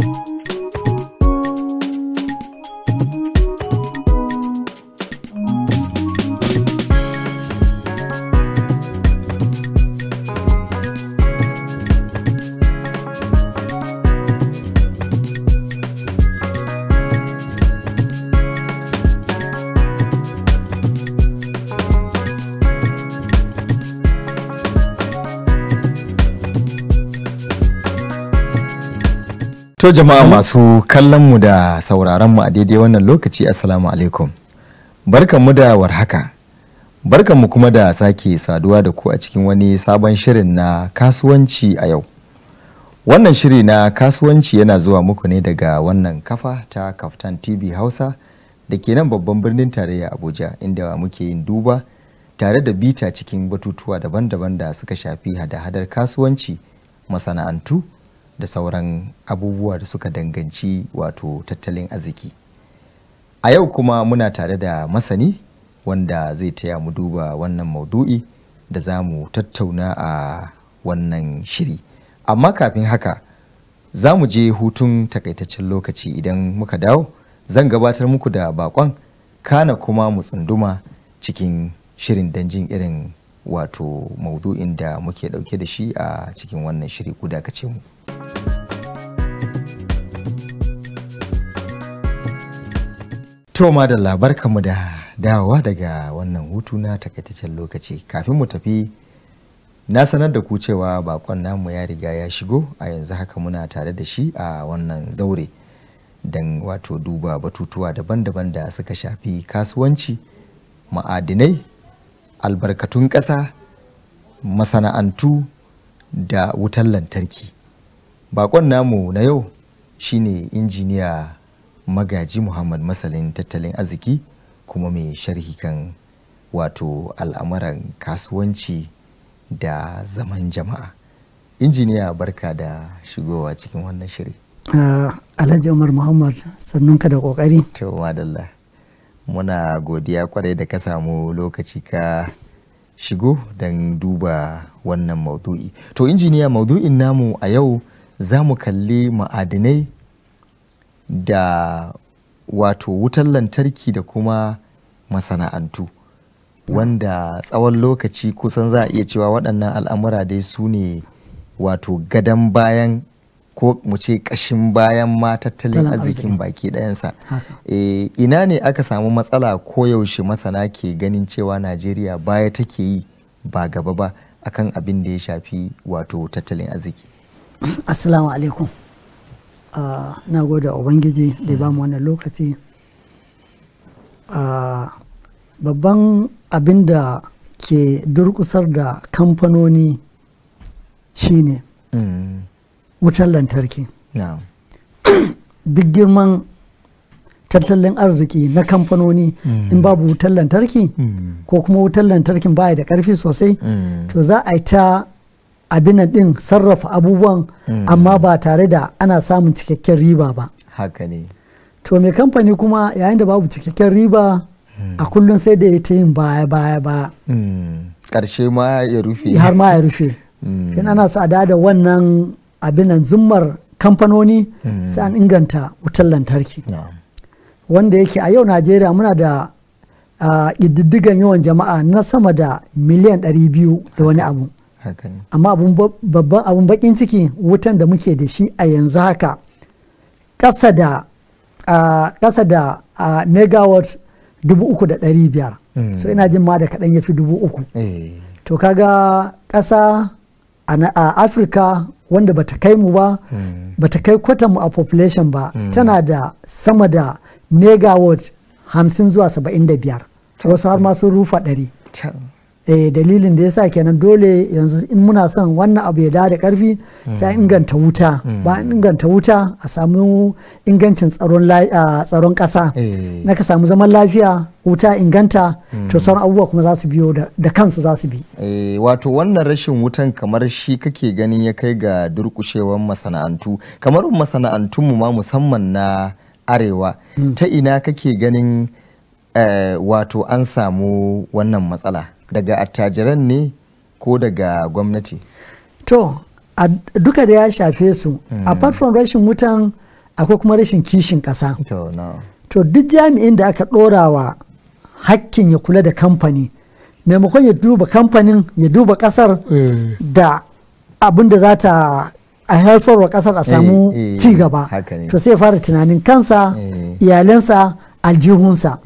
you da jama'a masu kallon mu da sauraron mu a daidai wannan lokaci assalamu alaikum. mu da warhaka. mu kuma da sake saduwa da ku a cikin wani sabon shirin na kasuwanci a yau. Wannan shiri na kasuwanci yana zuwa muku ne daga wannan kafa ta Kaftan TV Hausa da ke nan babban birnin tarayya Abuja inda muke yin duba tare da bita cikin batutuwa daban-daban da suka shafi hada-hadar kasuwanci, masana'antu, da sauran abubuwa da suka danganci wato tattalin arziki a yau kuma muna tare da masani wanda zai taya mu duba wannan maudu'i da za mu tattauna a wannan shiri amma kafin haka za mu je hutun takaitaccen lokaci idan muka dawo zan gabatar muku da bakon kana kuma mu tsunduma cikin shirin danjin irin wato maudu'in da muke dauke da shi a cikin wannan shiri ku dakace mu. da labarka mu da dawowa daga wannan hutu na takaitaccen lokaci kafin mu tafi na sanar da ku cewa bakon namu ya riga ya shigo a yanzu haka muna tare da shi a wannan zaure don wato duba batutuwa daban-daban da suka shafi kasuwanci ma'adinai albarkatun ƙasa masana'antu da wutan lantarki bakon namu na yau shine injiniya magaji muhammad masalin tattalin arziki kuma mai sharhi kan wato al'amuran kasuwanci da zaman jama'a injiniya barka da shigowa cikin wannan shiri ah, alhaji umar muhammad sannun ka da kokari to muna godiya kwarai da ka samu lokaci ka shigo don duba wannan maudu'i to injiniya maudu'in namu a yau za mu kalli ma'adinai da wato wutar lantarki da kuma masana'antu wanda tsawon lokaci kusan za a iya cewa waɗannan al'amura dai su ne wato gadon bayan ko mu ce ƙashin bayan ma tattalin arzikin baki ɗayansa e, ina ne aka samu matsala koyaushe masana ke ganin cewa najeriya baya take yi ba gaba ba akan abin da ya shafi wato tattalin arziki assalamu alaikum ah, na gode ubangiji da ba mu wannan lokaci ah, babban abin da ke durkusar da kamfanoni shine mm. wutar lantarki duk girman tattalin arziki na kamfanoni mm. in babu wutar lantarki mm. ko kuma wutar lantarkin baya da karfi sosai to za a yi ta abin din sarrafa abubuwan hmm. amma ba tare da ana samun cikakken riba ba haka ne to mai kamfani kuma yayin da babu cikakken riba hmm. a kullum sai da ya yin baya baya baya hmm. karshe ma ya rufe har ma ya rufe in ana su da wannan abinan zummar kamfanoni sai an inganta wutar lantarki wanda yake a yau najeriya muna da ah, ƙididdigan yawan jama'a na sama da miliyan biyu da wani abu amma babban abun bakin ciki wutan da muke da shi a yanzu haka ƙasa da ƙasa da megawatt dubu uku da ɗari biyar mm. so ina jin ma da kaɗan ya fi dubu uku eh. to kaga ƙasa a afirka wanda bata kai mu ba mm. bata kai kwatanmu a population ba mm. tana da sama da megawatt hamsin zuwa saba'in da biyar wasu har ma sun rufa ɗari Eh, dalilin da ya sa kenan dole yanzu in muna son wannan abu ya da da karfi sai mm. inganta wuta mm. ba inganta wuta a samu ingancin tsaron tsaron kasa eh. na ka samu zaman lafiya wuta inganta to mm. sauran abubuwa kuma za su biyo da kansu za su bi eh, wato wannan rashin wutan kamar shi kake ganin ya kai ga durkushewan masana'antu kamar masana'antun mu ma musamman na arewa ta ina kake ganin wato an samu wannan matsala daga attajiran ne ko daga gwamnati to duka da ya shafe su hmm. apart from rashin wutan akwai kuma rashin kishin kasa. to duk jami'in da aka ɗora wa hakkin ya kula da kamfani maimakon ya duba kamfanin ya duba ƙasar eh. da abin da za ta a haifarwa ƙasar a samu eh, eh, ci gaba to sai fara tunanin kansa iyalansa aljihunsa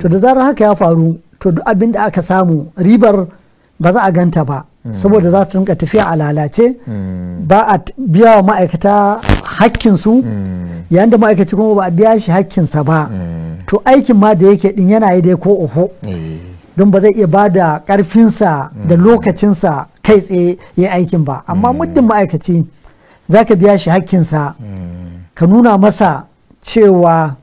to da zarar haka ya faru to duk abin da aka samu ribar ba za a ganta ba mm. saboda za ta rinka tafiya a lalace mm. ba a biya wa ma'aikata hakkinsu mm. yayin da ma'aikaci kuma ba a biya shi hakkinsa ba to aikin ma da yake din yana yi dai ko oho eh. don ba zai iya ba da karfinsa da lokacinsa kai tsaye ya aikin ba amma muddin ma'aikaci za ka biya shi hakkinsa ka nuna masa cewa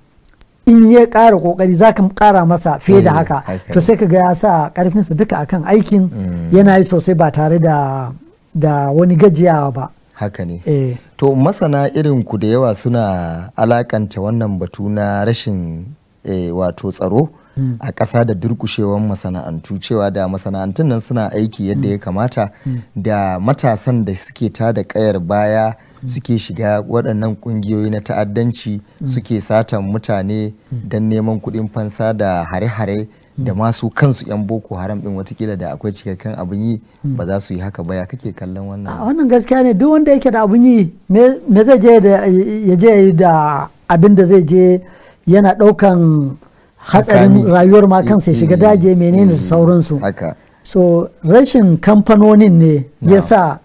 in ya ƙara kokari zaka ka ƙara masa fiye da eh, haka to sai ka ga ya sa ƙarfinsa duka akan aikin mm. yana yi sosai ba tare da da wani gajiyawa ba haka ne eh. to masana irin ku da yawa suna alakanta wannan batu na rashin eh, wato tsaro mm. a ƙasa da durkushewan masana'antu cewa da masana'antun nan suna aiki yadda mm. ya kamata da matasan da suke tada ƙayar baya suke shiga waɗannan ƙungiyoyi na ta'addanci suke satan mutane don neman kuɗin fansa da hare-hare da masu kansu 'yan boko haram ɗin watakila da akwai cikakken abin yi ba za su yi haka ba ya kake kallon wannan a wannan gaskiya ne duk wanda yake da abin yi me zai je da ya je da abin da zai je yana ɗaukan hatsarin rayuwar ma kansa ya shiga mm. daji menene da mm. sauransu so rashin kamfanonin ne ya sa.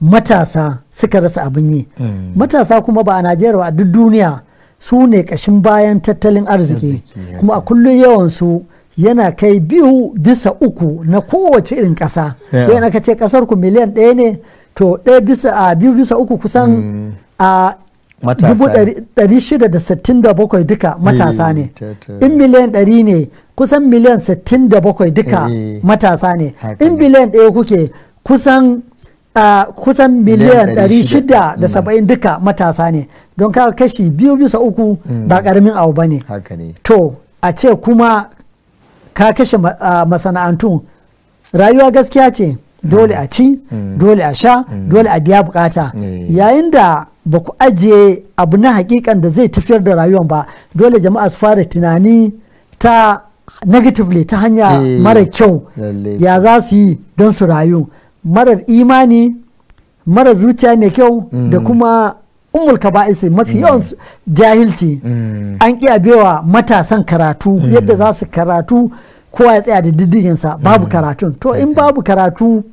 matasa suka rasa abin yi hmm. matasa kuma ba a najeriya a duk duniya su ne kashin bayan tattalin arziki kuma a kullum yawansu yana kai biyu bisa uku na kowace irin ƙasa yawan aka ce kasar ku miliyan ɗaya ne to ɗaya bisa a biyu bisa uku kusan hmm. a dubu shida da da sittin bakwai duka matasa ne in miliyan dari ne kusan miliyan sittin da bakwai duka matasa ne in miliyan ɗaya kuke kusan kusan miliyan 670 mm. duka matasa ne don kawo kashi biyu bisa uku mm. ba karamin abu ba ne to a ce kuma ka kashe masana'antu rayuwa gaskiya ce dole mm. a ci dole a sha dole a biya bukata eh. yayin da ba ku ajiye abu na hakikan da zai tafiyar da rayuwan ba dole jama'a su fara tunani ta negatively ta hanya eh. mara kyau ya za su yi don su rayu marar imani marar zuciya mai kyau mm. da kuma umul kaba'isi mafi mm. yawan jahilci mm. an ƙi abewa matasan karatu yadda za su karatu kowa ya tsaya da diddiginsa babu karatun to in babu karatu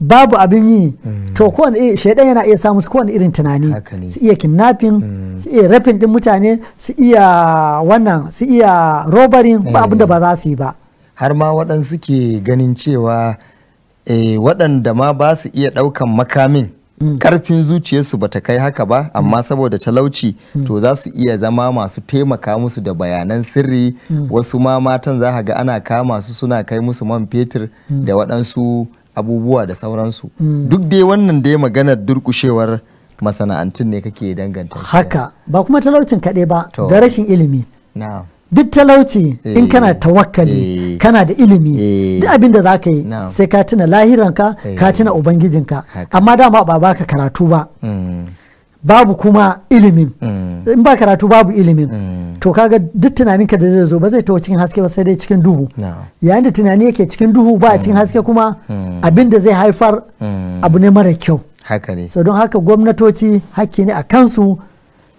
babu abin yi to kowane shaidan yana iya samu su kowane irin tunani su iya kidnapping su iya rafin din mutane su iya wannan su iya robarin ba eh. abin da ba za su yi ba har ma waɗansu ke ganin cewa eh, waɗanda ma ba su iya ɗaukan makamin mm. ƙarfin zuciyarsu ba ta kai haka ba amma mm. saboda talauci mm. to za su iya zama masu taimaka musu da bayanan sirri wasu ma matan za ga ana kama su suna kai musu man fetur da waɗansu abubuwa da sauransu duk dai wannan dai maganar durkushewar masana'antun ne kake danganta haka ba kuma talaucin kaɗai ba da rashin ilimi duk talauci in eh. kana tawakkali eh. kana da ilimi eh. duk abin da za ka yi sai ka tuna lahiranka ka tuna ubangijinka amma dama ba baka karatu ba mm. babu kuma ilimin mm. in ba karatu babu ilimin mm. to kaga duk tunaninka da zai zo ba zai tawo cikin haske ba sai dai cikin duhu yayin da tunani yake cikin duhu ba cikin haske kuma abin da zai haifar abu ne mara kyau so don haka gwamnatoci hakki ne a kansu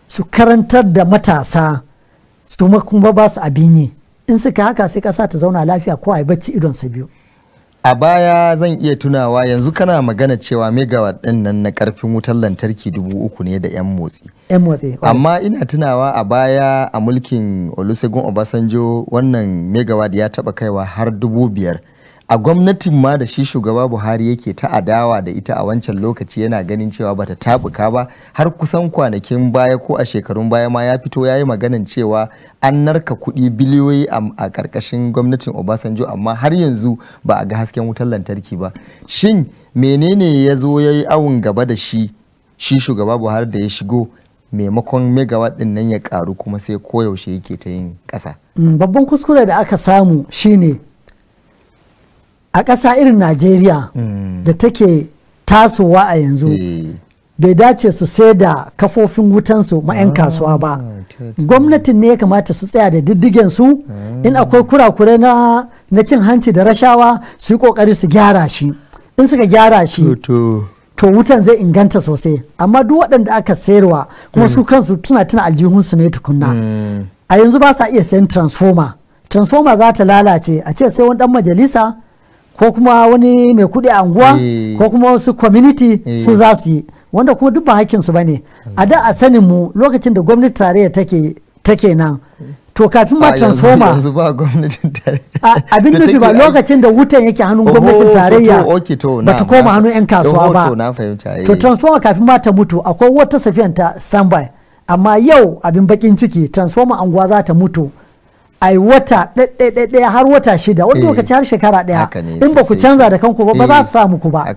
su karantar da matasa su ma kuma ba su abin yi in suka haka sai kasa ta zauna lafiya ko a bacci idon sa biyu a baya zan iya tunawa yanzu kana magana cewa megawatt din nan na karfin wutar lantarki dubu uku ne da yan motsi yan motsi amma ina tunawa a baya a mulkin olusegun obasanjo wannan megawatt ya taba kaiwa har dubu biyar a gwamnatin ma da shi shugaba buhari yake ta adawa da ita a wancan lokaci yana ganin cewa bata tabuka ba har kusan kwanakin baya ko a shekarun baya ma ya fito ya yi maganin cewa an narka kuɗi biliyoyi a ƙarƙashin gwamnatin obasanjo amma har yanzu ba a ga hasken wutar lantarki ba shin menene ya zo ya yi awon gaba da shi shi shugaba buhari da ya shigo maimakon megawatt ɗin nan ya ƙaru kuma sai koyaushe yake ta yin ƙasa mm, babban kuskure da aka samu shine a ƙasa irin najeriya mm. da take tasowa a yanzu eh. bai dace su sai da kafofin wutansu ma'an ah, kasuwa ba gwamnatin ne ya kamata su tsaya da diddigen su ah. in akwai kurakure na cin hanci da rashawa su yi kokari su gyara shi in suka gyara shi to wutan zai inganta sosai amma duk waɗanda aka sayarwa kuma su mm. kansu tuna tuna aljihunsu ne tukunna mm. a yanzu ba sa iya sayan transformer transformer za ta lalace a ce sai wani dan majalisa ko kuma wani mai kuɗi a unguwa eh. ko kuma wasu community eh. su za su yi wanda kuma duk ba hakkin su bane a da a sanin mu lokacin da gwamnati tarayya take take nan to kafin ma transformer yanzu ba gwamnatin tarayya abin nufi ba lokacin da wutan yake hannun gwamnatin tarayya ba ta koma hannun yan kasuwa ba to transformer kafin ma ta mutu akwai wata safiyan ta standby amma yau abin bakin ciki transformer anguwa za ta mutu ai wata ɗaya har wata shida wani eh, lokaci har shekara ɗaya in ba ku canza da kanku ba ba za su eh, samu ku ba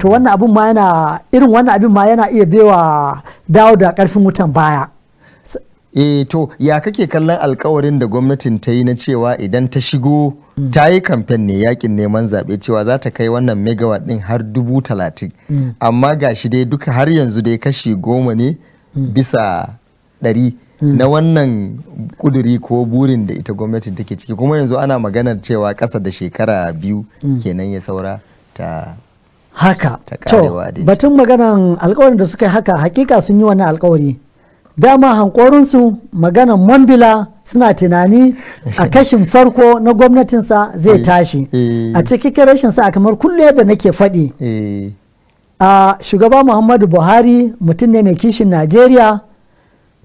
to wannan abin ma yana irin wannan abin ma yana iya bewa dawo da karfin wutan baya e to ya kake kallon alkawarin da gwamnatin ta yi na cewa idan ta shigo mm. ta yi kamfen ne yakin neman zaɓe cewa za ta kai wannan megawatt ɗin har dubu talatin mm. amma ga shi dai duka har yanzu dai kashi goma ne mm. bisa ɗari Hmm. na wannan kuduri ko burin da ita gwamnati take ciki kuma yanzu ana maganar cewa kasa da shekara biyu hmm. kenan ya saura ta haka to batun maganan alkawarin da suka haka hakika sun yi wani alkawari dama hankorinsu maganan mambila suna tunani a kashin farko na gwamnatinsa zai eh, tashi eh. a cikin rashinsa a kamar kullum yadda nake faɗi eh. a shugaba muhammadu buhari mutum ne mai kishin najeriya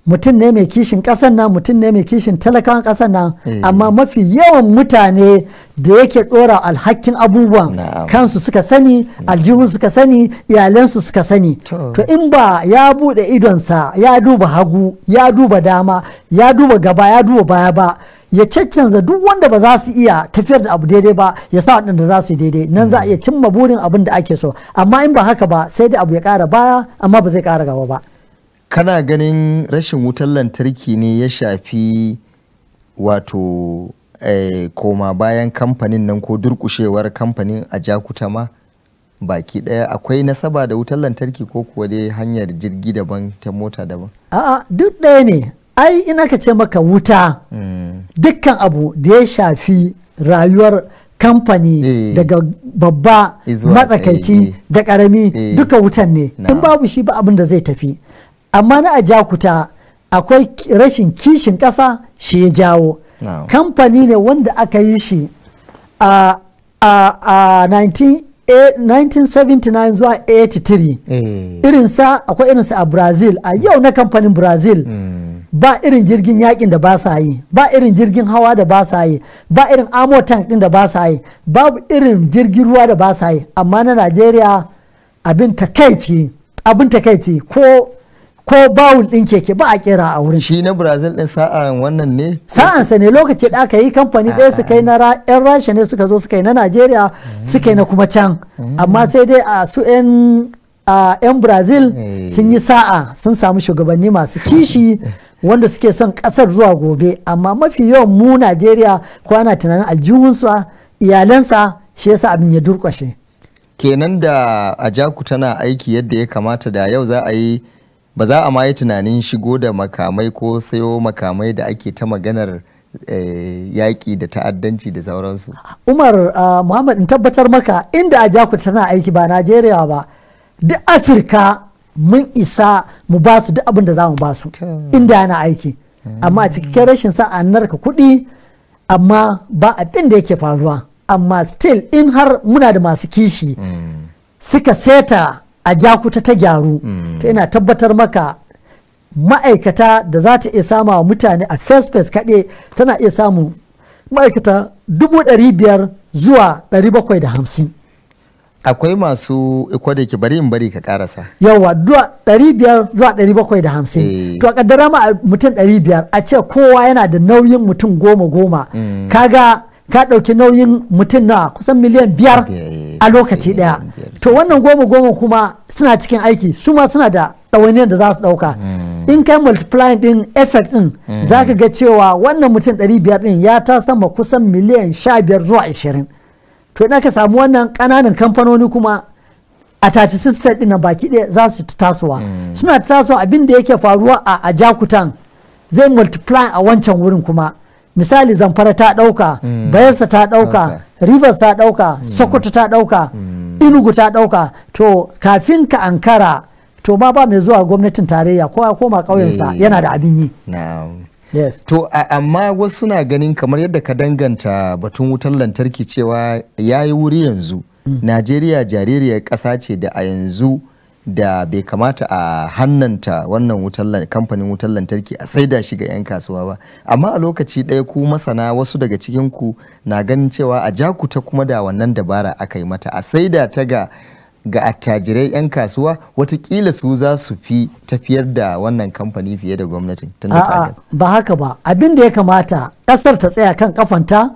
mutum ne mai kishin ƙasar nan mutum ne mai kishin talakawan ƙasar nan eh. amma mafi yawan mutane da yake ɗora alhakin abubuwan kansu suka sani aljihun suka sani iyalansu suka sani to in ba ya buɗe idonsa ya duba hagu ya duba dama ya duba gaba ya duba baya ba ya caccanza duk wanda ba za su iya tafiyar da abu daidai ba ya sa waɗanda za su yi daidai nan za a iya hmm. cimma burin abin da ake so amma in ba haka ba sai da abu ya kara baya amma ba zai ƙara gaba ba kana ganin rashin wutar lantarki ne ya shafi wato eh, koma bayan kamfanin nan ko durkushewar kamfanin a jakuta ma baki daya akwai nasaba da wutar lantarki ko kuwa dai hanyar jirgi daban ta mota daban a'a duk ɗaya ne ai ina ka ce maka wuta mm. dukkan abu da ya shafi rayuwar kamfani e. daga babba matsakaici da ƙarami e. duka wutan ne in babu shi ba abin da zai tafi amma na ajakuta akwai rashin kishin ƙasa shi ya jawo kamfani ne wanda aka yi shi a 1979 eh, zuwa 83 eh. irinsa akwai irinsa a brazil a yau na kamfanin brazil hmm. ba irin jirgin yakin da ba sa yi ba irin jirgin hawa da ba sa yi ba irin amo tank din da ba sa yi babu irin jirgin ruwa da ba sa yi amma na najeriya abin takaici abin takaici ko ko bawul din keke ba a kera a wurin shi na brazil din sa'a wannan ne sa'ansa ne lokaci da aka yi kamfani ɗaya su kai na yan rasha ne suka zo suka yi na najeriya suka yi na kuma can amma sai dai a su yan yan brazil sun yi sa'a sun samu shugabanni masu kishi wanda suke son kasar zuwa gobe amma mafi yawan mu ko kwana tunanin aljihunsa iyalansa shi yasa abin ya durkwashe kenan da ajaku tana aiki yadda ya kamata da yau za a yi ba za a ma yi tunanin shigo da makamai ko sayo makamai da ake ta maganar eh, yaƙi da ta'addanci da sauransu. Umar ah, Muhammad in tabbatar maka inda a jaku tana aiki ba Najeriya ba duk Afirka mun isa mu ba su duk abin da za mu ba su inda yana aiki hmm. amma a cikin rashin sa an narka kuɗi amma ba abin da yake faruwa amma still in har muna da masu kishi hmm. suka seta a jakuta ta gyaru mm. to ina tabbatar maka ma'aikata da za ta iya sama mutane a first place kaɗe tana iya samu ma'aikata dubu ɗari biyar zuwa ɗari bakwai da hamsin akwai masu eh, da ke bari in bari ka karasa yawa ɗari biyar zuwa ɗari bakwai da hamsin eh. to a kaddara ma mutum ɗari biyar a ce kowa yana da nauyin mutum goma goma mm. kaga ka ɗauki nauyin mutum na kusan miliyan biyar eh, a lokaci ɗaya to wannan goma goma kuma suna cikin aiki su ma suna da ɗawainiyar da za su ɗauka hmm. in kai multiplying din effect din hmm. za ka ga cewa wannan mutum 500 din ya ta sama kusan miliyan 15 zuwa 20 to ina ka samu wannan kananan kamfanoni kuma a tace sisset baki ɗaya za su ta tasowa hmm. suna ta tasowa abin da yake faruwa a ajakutan zai multiply a wancan wurin kuma misali zamfara ta ɗauka bayelsa ta ɗauka rivers ta ɗauka sokoto ta ɗauka inugu ta ɗauka to kafin ka ankara to ma ba mai zuwa gwamnatin tarayya ko ya koma ƙauyensa eh, yana da abin yi Yes. To amma wasu na ganin kamar yadda ka danganta batun wutar lantarki cewa ya yi wuri yanzu. Mm. Najeriya jaririyar ƙasa ce da a yanzu da bai kamata a hannanta wannan kamfanin wutar lantarki a saida shi ga 'yan kasuwa ba amma a lokaci ɗaya ku masana wasu daga cikin ku na ganin cewa a jakuta kuma da wannan dabara aka yi mata a saida ta ga ga attajirai 'yan kasuwa watakila su za su fi tafiyar da wannan kamfani fiye da gwamnatin ba haka ba abin da ya kamata kasar ta tsaya kan kafanta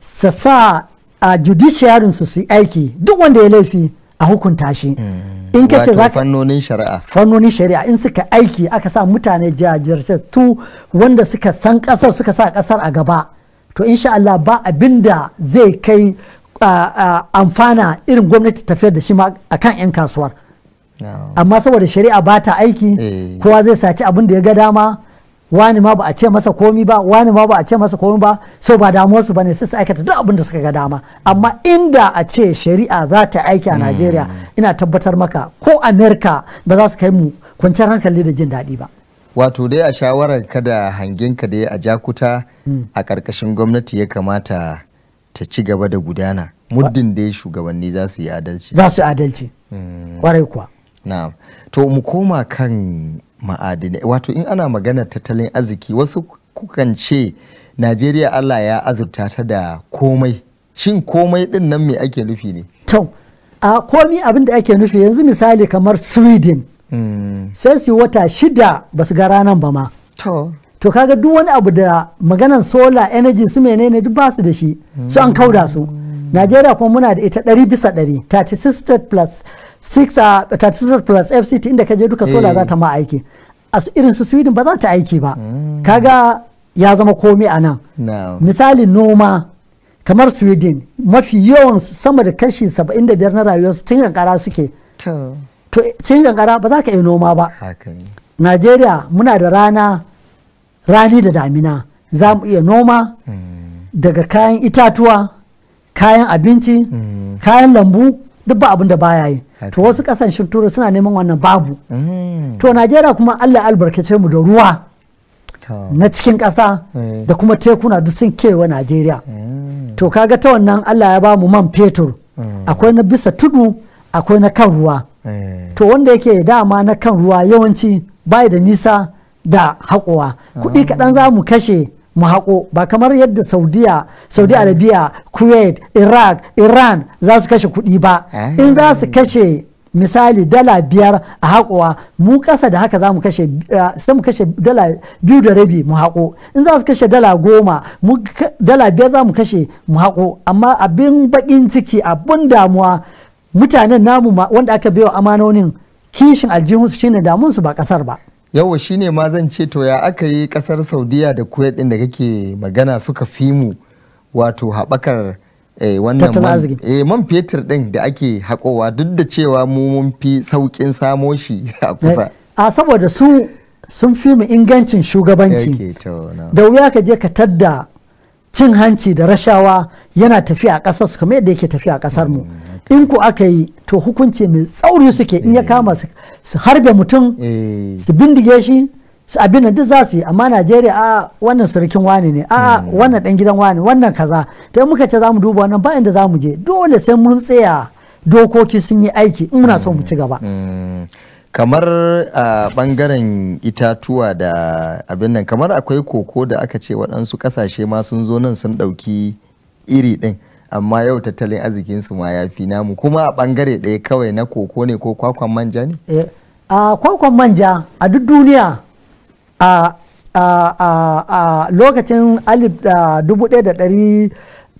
sa sa a judiciarin su su aiki duk wanda ya laifi a hukunta shi mm. in ce za ka fannonin shari'a fannonin shari'a in suka aiki aka sa mutane tu wanda suka san kasar suka sa kasar a gaba to insha Allah ba abinda zai kai amfana irin gwamnati tafiyar da shi ma akan 'yan kasuwar amma saboda shari'a ba ta aiki eh. kowa zai saci abin da ya ga dama wani ma ba a ce masa komi ba wani ma ba a ce masa komi ba so ba damuwarsu ba ne sai su aikata duk abin da suka ga dama amma inda a ce shari'a za ta aiki a najeriya mm. ina tabbatar maka ko amerika ba za su kai mu kwanciyar hankali da jin daɗi ba wato dai a shawarar ka da ka dai a jakuta mm. a ƙarƙashin gwamnati ya kamata ta ci gaba da gudana muddin dai shugabanni za su yi adalci za su yi adalci mm. kwarai kuwa na'am to mu koma kan ma'adinai wato in ana maganar tattalin arziki wasu kukan ce najeriya allah ya azurta ta da komai shin komai din nan me ake nufi ne to a komi abin da ake nufi yanzu misali kamar sweden hmm. sai su wata shida ba su ga ranar ba ma to kaga duk wani abu da maganar solar energy su menene duk basu da shi su an kauda su hmm. najeriya kuma muna da ita ɗari bisa ɗari 36 state plus 6 a 36 plus fct inda ka je duka sola eh. za ta ma aiki a irin su sweden ba za ta aiki ba kaga ya zama komi a nan misali noma kamar sweden mafi yawan sama da kashi 75 na rayuwarsu tun yankara suke to tun yankara ba za ka yi noma ba Nigeria muna da rana rani da damina za mu iya noma hmm. daga kayan itatuwa kayan abinci hmm. kayan lambu duk ba abin da baya yi to wasu kasashen turai suna neman wannan babu mm. to najeriya kuma allah albarkace mu da ruwa na cikin ƙasa eh. da kuma tekuna duk sun kewa najeriya mm. to kaga ta wannan allah ya ba mu man fetur mm. akwai na bisa tudu akwai na kan ruwa eh. to wanda yake dama na kan ruwa yawanci bai da nisa da haƙowa kuɗi ah. kaɗan za mu kashe mu haƙo ba kamar yadda saudiya saudi arabia kuwait iraq iran za su kashe kuɗi ba eh. in za su kashe misali dala biyar a haƙowa mu ƙasa da haka za mu kashe sai eh, mu kashe dala biyu da rabi mu haƙo in za su kashe dala goma dala biyar za mu kashe mu haƙo amma abin baƙin ciki abin damuwa mutanen namu wanda aka wa amanonin kishin aljihunsu shine damunsu ba ƙasar ba yawa shine ma zan ce to ya aka yi kasar saudiya da kuwait din da kake magana suka fi mu wato haɓakar eh, wannan man, eh, fetur din da ake haƙowa duk da cewa mu mun fi sauƙin samo shi a kusa eh, a saboda su sun fi mu ingancin shugabanci da wuya ka je ka tadda cin hanci da rashawa yana tafiya a ƙasar su kamar yadda yake tafiya a ƙasar mu mm, in ku aka yi to hukunci mai tsauri suke in ya eh. kama su harbe mutum eh. su bindige shi su abin da duk za su yi amma najeriya a wannan surukin wani ne a hmm. wannan dan gidan wani wannan kaza to muka ce za mu duba wannan bayan da za mu je dole sai mun tsaya dokoki sun yi aiki in muna so mu ci gaba hmm. kamar a bangaren itatuwa da abin nan kamar akwai koko da aka ce waɗansu ƙasashe ma sun zo nan sun ɗauki iri ɗin amma yau tattalin arzikinsu ma ya fi namu kuma a bangare ɗaya kawai na koko ne ko kwakwan manja ne? Eh, a kwakwan manja a duk duniya a lokacin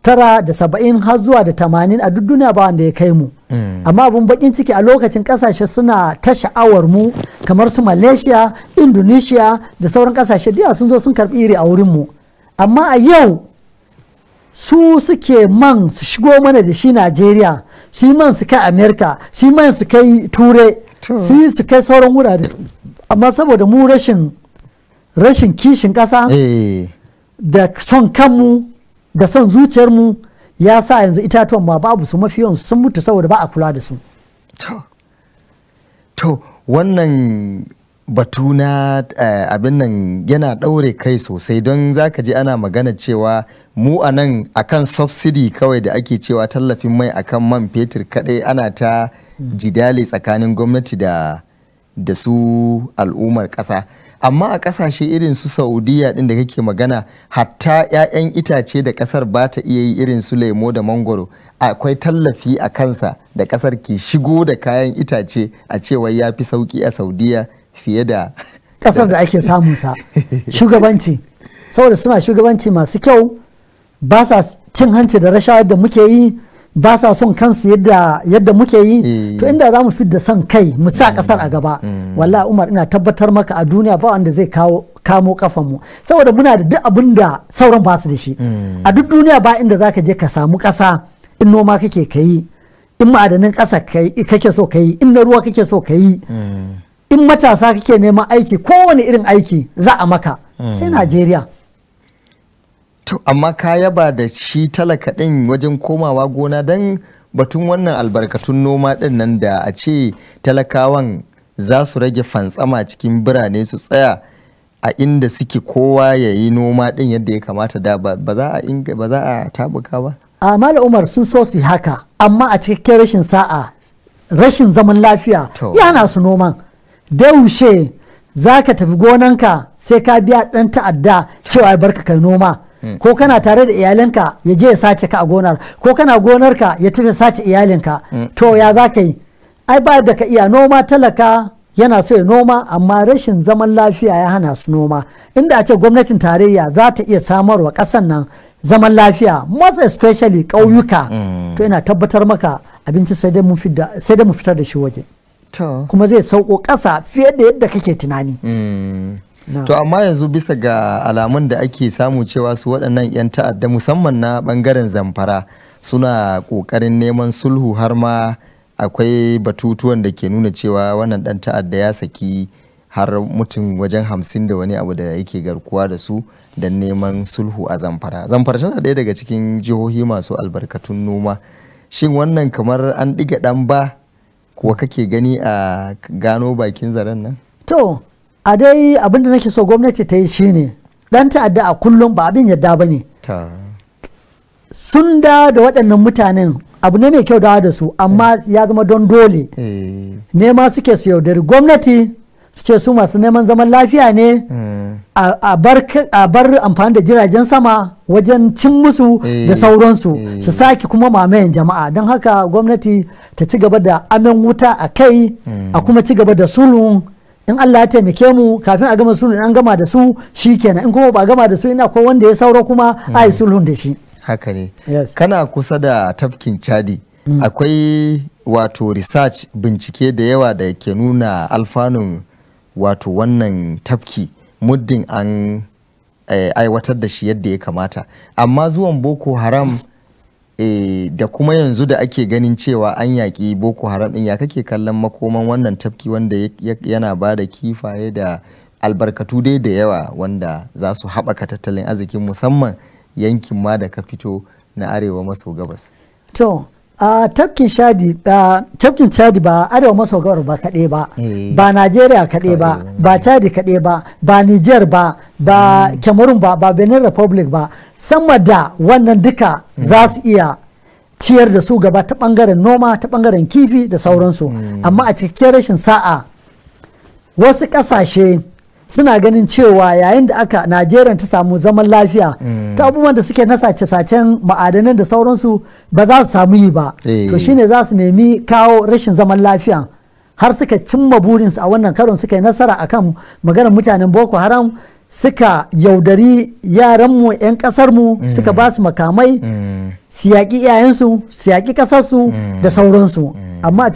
1970 har zuwa da 80 a duk duniya ba wanda ya kai mu mm. amma abun bakin ciki a lokacin kasashe suna ta sha'awar mu kamar su malaysia indonesia da sauran kasashe diya sun zo sun karbi iri a wurin mu amma a yau su suke man su shigo mana da shi najeriya su man su kai amerika su man su kai turai su su kai sauran wurare amma saboda mu rashin rashin kishin ƙasa eh. da son kanmu da son zuciyarmu ya sa yanzu itatuwan ma babu su mafi sun mutu saboda ba a kula da su to wannan batu na eh, abin nan yana ɗaure kai sosai don za ka ji ana magana cewa mu a nan a kan subsidy kawai da ake cewa tallafin mai akan man fetur kaɗai ana ta jidali tsakanin gwamnati da da su al'ummar ƙasa amma a ƙasashe irin su saudiya ɗin da kake magana hatta 'ya'yan itace da ƙasar ba ta iya yi irin su lemo da mangoro akwai tallafi a kansa da ƙasar ke shigo da kayan itace a cewa ya fi sauƙi a saudiya fiye da kasar da ake sa shugabanci saboda suna shugabanci masu kyau ba sa cin hanci da rashawa da muke yi ba sa son kansu yadda muke yi eh. to inda za mu fi da son kai mu sa kasar a gaba mm. mm. walla umar ina tabbatar maka a duniya ba wanda zai kawo kamo kafan mu saboda muna da duk abin da sauran ba su da shi mm. a duk duniya ba inda zaka je ka samu kasa in noma kake kayi in ma'adanin kasa kake so kayi in na ruwa kake so kayi in matasa kake neman aiki kowane irin aiki za a maka sai hmm. najeriya to amma ka yaba da shi talaka ɗin wajen komawa gona don batun wannan albarkatun noma ɗin nan da a ce talakawan za su rage fantsama cikin birane su tsaya a inda suke kowa ya yi noma ɗin yadda ya kamata da ba za a inga ba za a tabuka ba amala umar sun so su haka amma a cikin rashin sa'a rashin zaman lafiya yana su noman da yaushe za ka tafi gonanka sai ka biya ɗan ta'adda cewa ya barka kai noma hmm. ko kana tare da iyalinka ya je ya sace ka a gonar ko kana gonarka ya tafi sace iyalinka hmm. to ya za ka yi ai ba da ka iya noma talaka yana so ya noma amma rashin zaman lafiya ya hana su noma inda a ce gwamnatin tarayya za ta iya samarwa ƙasan nan zaman lafiya most especially ƙauyuka hmm. to ina tabbatar maka abinci sai dai mu fitar da shi waje kuma zai sauko ƙasa fiye da yadda kake tunani hmm. to amma yanzu bisa ga alamun da ake samu cewa su waɗannan 'yan ta'adda musamman na bangaren zamfara suna ƙoƙarin neman sulhu har ma akwai batutuwan da ke nuna cewa wannan ɗan ta'adda ya saki har mutum wajen hamsin da wani abu da yake garkuwa da su don neman sulhu a zamfara zamfara tana ɗaya daga cikin jihohi masu albarkatun noma shin wannan kamar an ɗiga ɗan ba kuwa kake gani a gano bakin zaren nan to a dai abin da nake so gwamnati ta yi shi ne dan ta'adda a kullum ba abin yadda ba ne sun da da waɗannan mutanen abu ne mai kyau da su amma ya zama don dole eh. ne ma suke su yaudari gwamnati su ce su masu neman zaman lafiya ne hmm. a bar amfani da jiragen sama wajen cin musu eh, da sauransu eh. su sake kuma mamayen jama'a don haka gwamnati ta ci gaba da amen wuta a kai a hmm. kuma ci gaba da sulhun in Allah ya taimake mu kafin a gama sulhun an gama da su shi kenan in kuma ba gama da su ina ko wanda ya saura kuma a yi hmm. sulhun da shi haka ne kana kusa da tafkin chadi akwai wato research bincike da yawa da ke nuna alfanun wato wannan tafki muddin an eh, aiwatar da shi yadda ya kamata amma zuwan boko haram e, da kuma yanzu da ake ganin cewa an yaƙi boko haram ɗin ya kake kallon makoman wannan tafki wanda yana ba da kifaye da albarkatu dai da yawa wanda za su haɓaka tattalin arzikin musamman yankin ma da ka fito na arewa maso gabas to a tafkin shadi chadi ba arewa maso gawar ba kaɗe ba eh. ba najeriya kaɗe ba ba chadi kaɗe ba ba niger ba ba hmm. cameroon ba ba benin republic ba sama da wannan duka hmm. za su iya ciyar da su gaba ta ɓangaren noma ta ɓangaren kifi da sauransu hmm. amma a cikakken rashin sa'a wasu ƙasashe suna ganin cewa yayin da aka najeriya ta samu zaman lafiya mm. ta abubuwan da suke na sace-sacen ma'adanan da sauransu ba za su samu yi ba eh. to shine za su nemi kawo rashin zaman lafiya har suka cimma burinsu a wannan karon suka yi nasara kan maganar mutanen boko haram suka yaudari yaranmu 'yan kasarmu. Mm. suka ba su makamai mm. su yaƙi iyayensu su yaƙi ƙasarsu da sauransu amma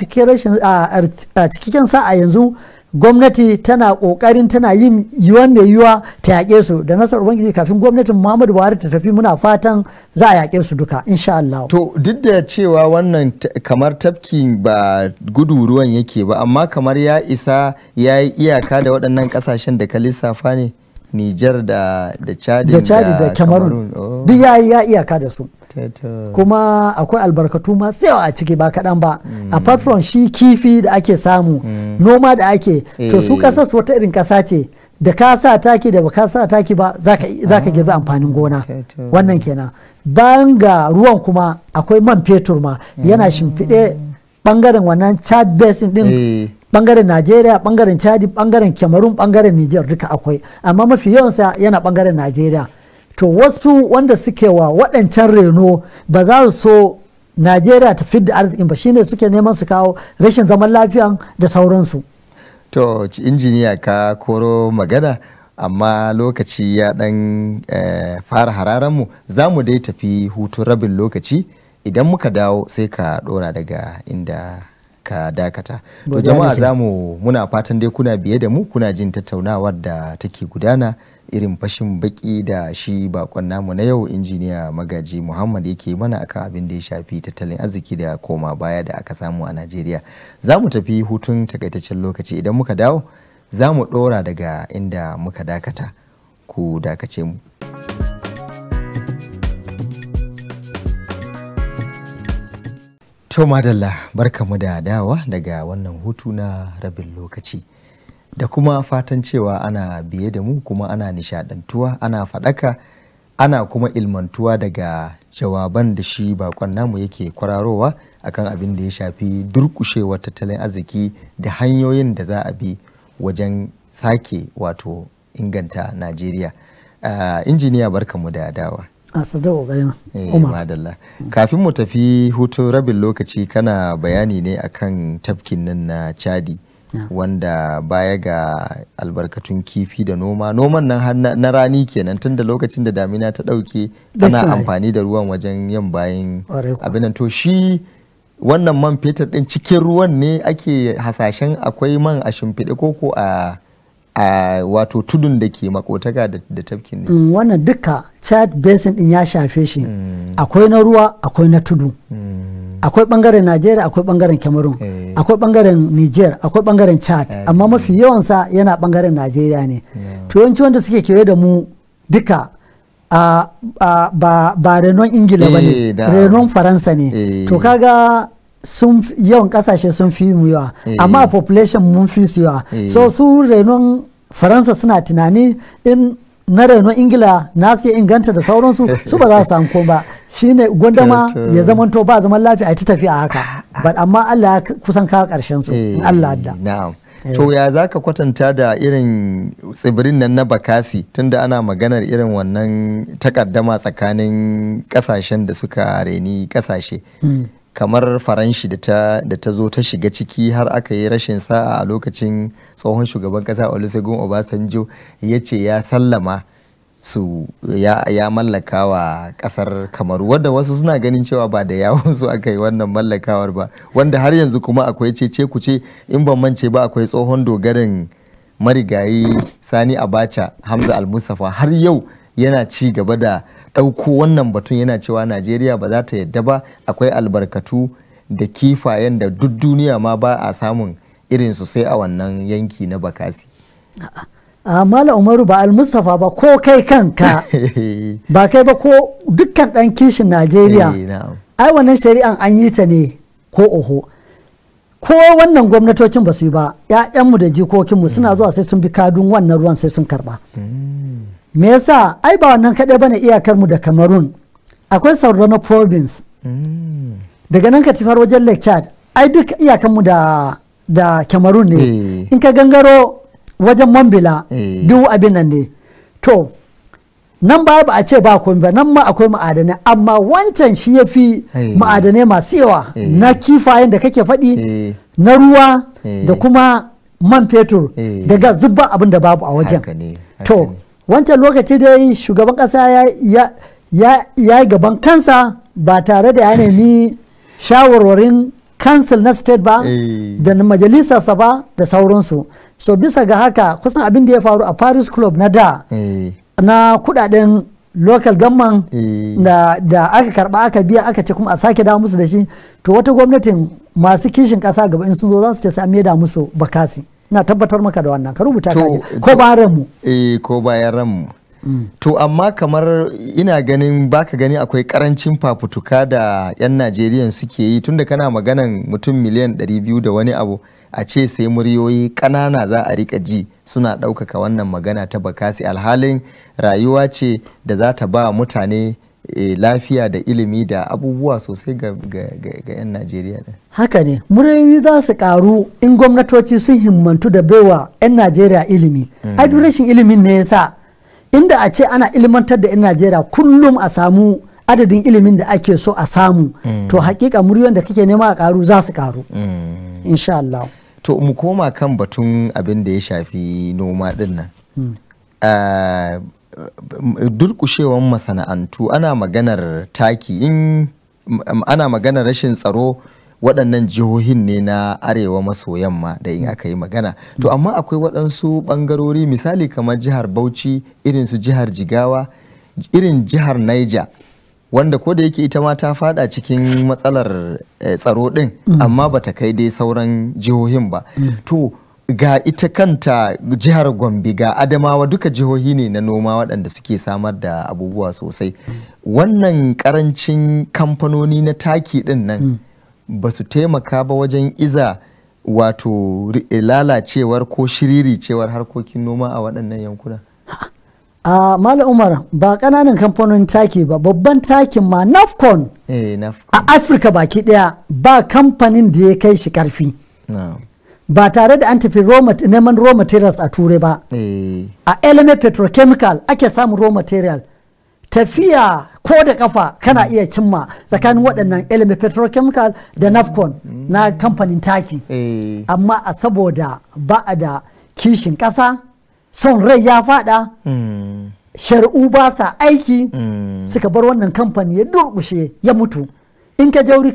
a cikin sa'a yanzu gwamnati tana kokarin tana yin yiwuwan da yiwuwa ta yaƙe su da nasarar ubangiji kafin gwamnatin muhammadu buhari ta tafi muna fatan za a yaƙe su duka insha Allah. to duk da cewa wannan kamar tafkin ba gudu ruwan yake ba amma kamar ya isa ya yi iyaka da waɗannan ƙasashen da ka lissafa ne. Nijar da da Chad da Chad da Cameroon oh. duk yayi ya iyaka da su kuma akwai albarkatu masu yawa a ciki ba kaɗan ba mm. apart from shi kifi da ake samu mm. noma da ake to su eh. ƙasar wata irin ƙasa ce da ka sa taki da ka sa taki ba zaka ka ah. girbi amfanin gona wannan kenan bayan ga ruwan kuma akwai man fetur ma mm. yana shimfiɗe bangaren wannan chad basin din eh. bangaren najeriya bangaren chadi bangaren cameroon bangaren niger duka akwai amma mafi yawansa yana bangaren najeriya to wasu wanda suke wa waɗancan reno ba za su so najeriya ta fidda arzikin ba shine suke neman su kawo rashin zaman lafiya da sauransu to injiniya ka koro magana amma lokaci ya ɗan eh, fara fara mu za mu dai tafi hutun rabin lokaci idan muka dawo sai ka ɗora daga inda ka dakata to jama'a za mu muna fatan dai kuna biye da mu kuna jin tattaunawar da take gudana irin fashin baki da shi bakon namu na yau injiniya magaji muhammad yake mana akan abin da ya shafi tattalin arziki da koma baya da aka samu a najeriya za mu tafi hutun takaitaccen lokaci idan muka dawo za mu ɗora daga inda muka dakata ku dakace mu. To madalla barkamu da dawa daga wannan hutu na rabin lokaci. Da kuma fatan cewa ana biye da mu kuma ana nishadantuwa ana faɗaka ana kuma ilmantuwa daga jawaban da shi bakon namu yake kwararowa akan abin da ya shafi durkushewar tattalin arziki da hanyoyin da za a bi wajen sake wato inganta Najeriya. Uh, injiniya barkamu da dawa. a sadar kokarin umar madalla kafin mu tafi hutun rabin lokaci kana bayani ne akan tafkin nan na chadi wanda baya ga albarkatun kifi da noma noman nan na rani kenan tun da lokacin da damina ta dauke tana amfani da ruwan wajen yin bayan abin to shi wannan man fetur din cikin ruwan ne ake hasashen akwai man a shimfiɗe koko a a wato tudun da ke makotaka da tafkin ne mm, wannan duka chad basin din ya shafe shi mm. akwai na ruwa akwai na tudu mm. akwai bangaren najeriya akwai bangaren cameroon eh. akwai bangaren niger akwai bangaren chad eh. amma mafi yawan sa yana bangaren najeriya ne to yawanci wanda suke kewaye da mu duka ba renon ingila ba ne eh, renon faransa ne to kaga sun yawan kasashe sun fi mu yawa eh. amma population mun fi su yawa eh. so su renon faransa suna tunani in na renon ingila su ya inganta da sauransu su ba za su samu ko ba shine gwandama ya zamanto ba zaman lafiya ta tafi a haka but amma allah ya kusan kawo karshen su eh, allah da to ya za kwatanta da irin tsibirin nan na bakasi tunda ana maganar irin wannan takaddama tsakanin kasashen da suka reni kasashe hmm. kamar faranshi da ta zo ta shiga ciki har aka yi rashin sa'a a lokacin tsohon shugaban kasa olusegun obasanjo ya ce ya sallama su ya, mallakawa mallaka kasar kamaru wadda wasu suna ganin cewa ba da yawon su aka yi wannan mallakawar ba wanda har yanzu kuma akwai cece kuce in ban mance ba akwai tsohon dogarin marigayi sani abacha hamza al-mustapha har yau yana ci gaba da ɗauko wannan batun yana cewa najeriya ba za ta yadda ba akwai albarkatu da kifayen da duk duniya ma ba a samun irin su sai a wannan yanki na bakasi mala umaru ba almustafa ba ko kai kanka ba kai ba ko dukkan ɗan kishin najeriya eh, ai wannan shari'an an yi ta ne ko oho ko wannan gwamnatocin ba su yi ba 'ya'yanmu da jikokinmu suna hmm. zuwa sai sun bi kadun wannan ruwan sai sun karba hmm. me yasa ai ba wannan kaɗai bane iyakar mu da cameroon akwai sauran province mm. daga nan ka tifar wajen lake chad ai duk iyakar mu da da cameroon ne eh. in ka gangaro wajen mambila eh. duk abin nan ne to nan ba ba a ce ba komai ba nan ma akwai ma'adanai amma wancan shi ya fi eh. ma'adanai masu yawa na kifayen da kake faɗi na ruwa da kuma man fetur daga zubba abin da babu a wajen to wancan lokaci dai shugaban kasa ya yi gaban kansa ba tare da ya nemi shawarwarin council na state ba eh. da majalisarsa ba da sauransu so bisa ga haka kusan abin da ya faru a paris club na da eh. na kudaden local gamman eh. da aka karba aka biya aka ce kuma a sake da musu da shi to wata gwamnatin masu kishin kasa gaba in sun zo za su ce sami da musu bakasi. na tabbatar maka da wannan ka rubuta ka ko bayan mu eh ko bayan ranmu mm. to amma kamar ina ganin baka gani akwai karancin fafutuka da 'yan najeriya suke yi tunda kana maganan mutum miliyan 200 da wani abu a ce sai muryoyi ƙanana za a rika ji suna ɗaukaka wannan magana ta bakasi alhalin rayuwa ce da za ta ba mutane Eh, lafiya da ilimi da abubuwa sosai ga 'yan najeriya haka ne murayoyi za su karu in gwamnatoci sun himmantu da baiwa 'yan najeriya ilimi ai mm. rashin ilimin ne yasa inda a ce ana ilimantar da 'yan najeriya kullum a samu adadin ilimin da ake so a samu to mm. hakika muryoyin da kake nema a karu za su karu mm. insha Allah to mu koma kan batun abin da ya shafi noma din ah, durkushewan masana'antu ana maganar taki in ana maganar rashin tsaro waɗannan jihohin ne na arewa maso yamma da in aka yi magana to amma akwai waɗansu ɓangarori misali kamar jihar bauchi irin su jihar jigawa irin jihar niger wanda ko da yake ita ma ta fada cikin matsalar eh, tsaro ɗin mm. amma bata kai dai sauran jihohin ba mm. to ga ita kanta jihar gombe ga adamawa duka jihohi ne na noma waɗanda suke samar da abubuwa sosai wannan karancin kamfanoni na taki ɗin nan hmm. ba su taimaka ba wajen iza wato eh, lalacewar ko shiriri cewar harkokin noma a waɗannan yankuna a mala umar ba ƙananan kamfanonin taki ba babban takin ma eh, nafcon a afirka baki ɗaya ba kamfanin da ya kai shi ƙarfi. ba tare da an tafi neman raw materials a turai ba eh. a eleme petrochemical ake samun raw material tafiya ko da kafa kana iya cimma tsakanin waɗannan eleme petrochemical da nafcon na kamfanin taki eh. amma a saboda ba a da kishin ƙasa son rai ya fada hmm. shari'u ba sa aiki hmm. suka bar wannan kamfani ya durkushe ya mutu in ka jauri